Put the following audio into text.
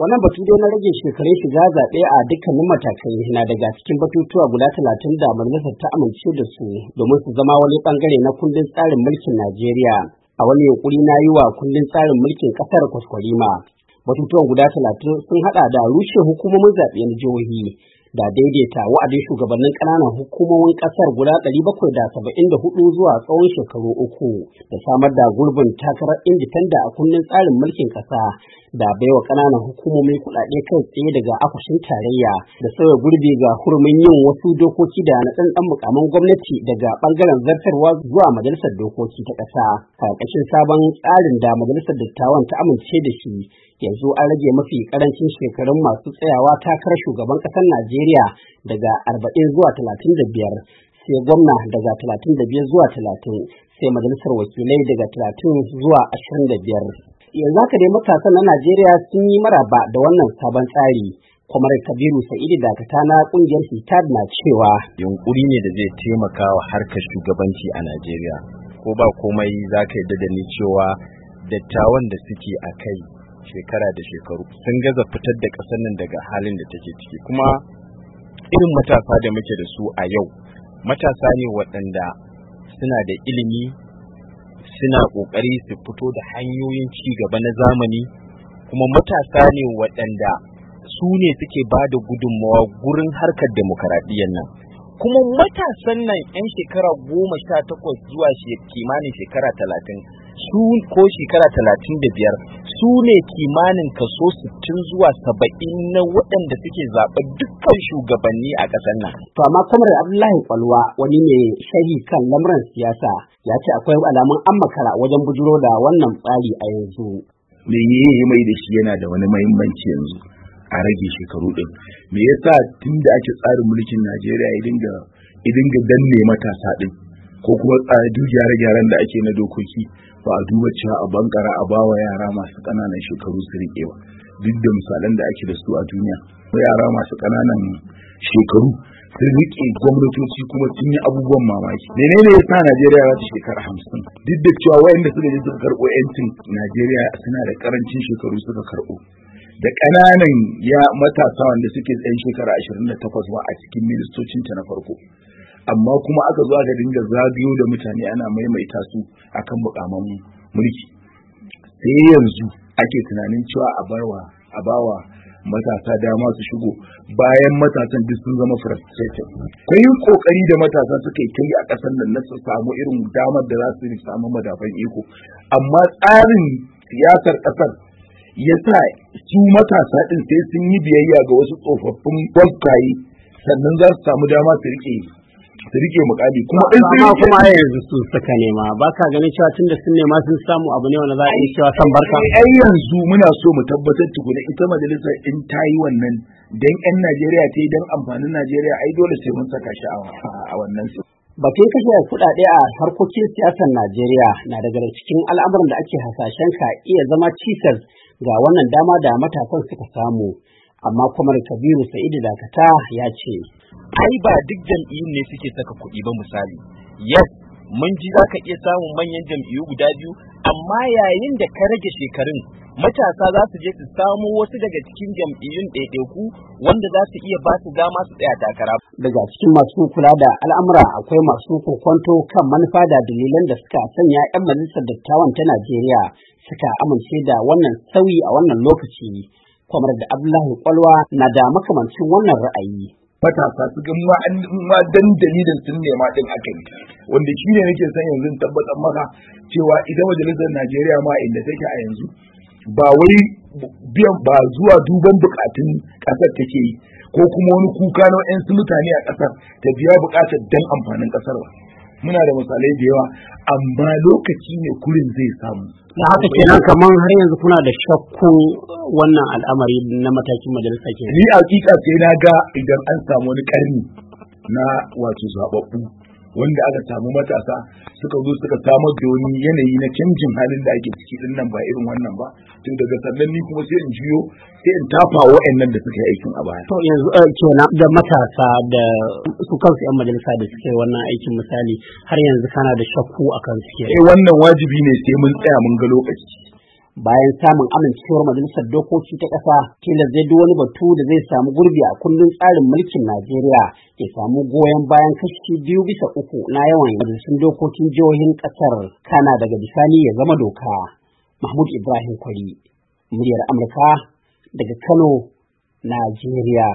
wannan batu dai na rage shekarun shiga zaɓe a dukkanin matakai na daga cikin batutuwa guda talatin da majalisar ta amince da su domin su zama wani bangare na kundin tsarin mulkin najeriya a wani yunkuri na yi wa kundin tsarin mulkin ƙasar kwaskwarima batutuwan guda talatin sun haɗa da rushe hukumomin zaɓe na jihohi da daidaita wa'adin shugabannin ƙananan hukumomin ƙasar guda 774 zuwa tsawon shekaru uku da samar da gurbin takarar inditanda a kundin tsarin mulkin ƙasa da baiwa ƙananan hukumomin kuɗaɗe kai tsaye daga akwashin tarayya da sauya gurbi ga hurumin yin wasu dokoki da na tsantsan mukamin gwamnati daga ɓangaren zartarwa zuwa majalisar dokoki ta ƙasa ƙarƙashin sabon tsarin da majalisar dattawan ta amince da shi yanzu an rage mafi karancin shekarun masu tsayawa takar shugaban ƙasar Najeriya daga arba'in zuwa talatin sai gwamna daga talatin da zuwa talatin, sai majalisar wakilai daga talatin zuwa ashirin Yanzu haka dai matasan na Najeriya sun yi maraba da wannan sabon tsari. kwamar kabiru sa'idu dakata na kungiyar hitad na cewa yunkuri ne da zai taimaka wa harkar shugabanci a najeriya ko ba komai za ka yarda da ni cewa dattawan da suke a kai shekara da shekaru sun gaza fitar da ƙasar nan daga halin da take ciki kuma irin matasa da muke da su a yau matasa ne waɗanda suna da ilimi suna ƙoƙari su fito da hanyoyin ci gaba na zamani kuma matasa ne waɗanda su ne suke ba da gudunmawa gurin harkar demokaradiyyar nan kuma matasan nan 'yan shekara goma sha takwas zuwa kimanin shekara talatin su ko shekara talatin da biyar su ne kimanin kaso 60 zuwa saba'in na waɗanda suke zaɓa dukkan shugabanni a ƙasar nan. To amma kamar Abdullahi Kwalwa wani ne shahi kan lamuran siyasa ya ce akwai alamun an wajen bujuro da wannan tsari a yanzu. Me ya mai da shi yana da wani mahimmanci yanzu a rage shekaru ɗin. Me ya sa tun da ake tsarin mulkin Najeriya ya dinga danne matasa ɗin. ko kuma duk gyare-gyaren da ake na dokoki ba a duba cewa a bankara a bawa yara masu ƙananan shekaru su riƙe ba duk da misalan da ake da su a duniya yara masu kananan shekaru su riƙe gwamnatoci kuma sun yi abubuwan mamaki menene ya sa najeriya za ta shekara hamsin duk da cewa wayanda suka je suka karɓo yancin najeriya suna da ƙarancin shekaru suka karɓo da ƙananan ya matasa wanda suke tsayin shekara ashirin da takwas ba a cikin ministocinta na farko amma kuma aka zuwa ga dinga zagayo da mutane ana maimaita su akan mukaman mulki sai yanzu ake tunanin cewa a barwa a bawa matasa dama su shigo bayan matasan duk sun zama frustrated kai kokari da matasa suka yi kai a kasar nan na su samu irin damar da za su yi samu madafan iko amma tsarin siyasar kasar ya sa su matasa din sai sun yi biyayya ga wasu tsofaffin gwamkayi sannan za su samu dama su rike su rike mukami kuma in sun kuma yanzu sun saka nema ba ka ganin cewa tunda sun nema sun samu abu ne wanda za a yi cewa san barka ai yanzu muna so mu tabbatar tukuna ita majalisar in ta yi wannan dan yan Najeriya ta yi dan amfanin Najeriya ai dole sai mun saka shi a wannan su Batun kashe kuɗaɗe a harkokin siyasar Najeriya na daga cikin al'amuran da ake hasashen ka iya zama cikas ga wannan dama da matasan suka samu. amma kuma kabiru sa'idu dakata ya ce ai ba duk jam'iyyun ne suke saka kuɗi ba misali yes mun ji za ka iya samun manyan jam'iyyu guda biyu amma yayin da ka rage shekarun matasa za su je su samu wasu daga cikin jam'iyyun ɗaiɗaiku wanda za su iya ba su dama su tsaya takara. Daga cikin masu kula da al'amura akwai masu kokwanto kan manufa da dalilan da suka sanya 'yan majalisar dattawan ta Najeriya suka amince da wannan sauyi a wannan lokaci. kamar da abdullahi kwalwa na da makamancin wannan ra'ayi matasa su gan ma dan dalilin sun nema din aka yi wanda shi ne nake san yanzu tabbatar maka cewa idan majalisar Najeriya ma inda take a yanzu ba wai biyan ba zuwa duban bukatun kasar take yi ko kuma wani kuka na 'yan mutane a kasar ta biya bukatar dan amfanin kasar ba muna da misalai da yawa amma lokaci ne kurin zai samu da haka nan kamar har yanzu kuna da shakku wannan al'amari na matakin majalisa ke ni a sai na ga idan an samu wani karni na wato zababbu wanda aka samu matasa suka zo suka samar da wani yanayi na canjin halin da ake ciki din nan ba irin wannan ba to daga sannan ni kuma sai in jiyo sai in tafa wa'annan da suka yi aikin a baya to yanzu eh, kenan da matasa da su kansu yan majalisa da suke wannan aikin misali har yanzu kana da shakku akan su eh wannan wajibi ne sai mun tsaya mun ga lokaci bayan samun amincewar majalisar dokoki ta ƙasa tilas zai duk wani batu da zai samu gurbi a kundin tsarin mulkin najeriya Ya samu goyon bayan kashi biyu bisa uku na yawan majalisun dokokin jihohin ƙasar kana daga bisani ya zama doka mahmud ibrahim kwari muryar amurka daga kano najeriya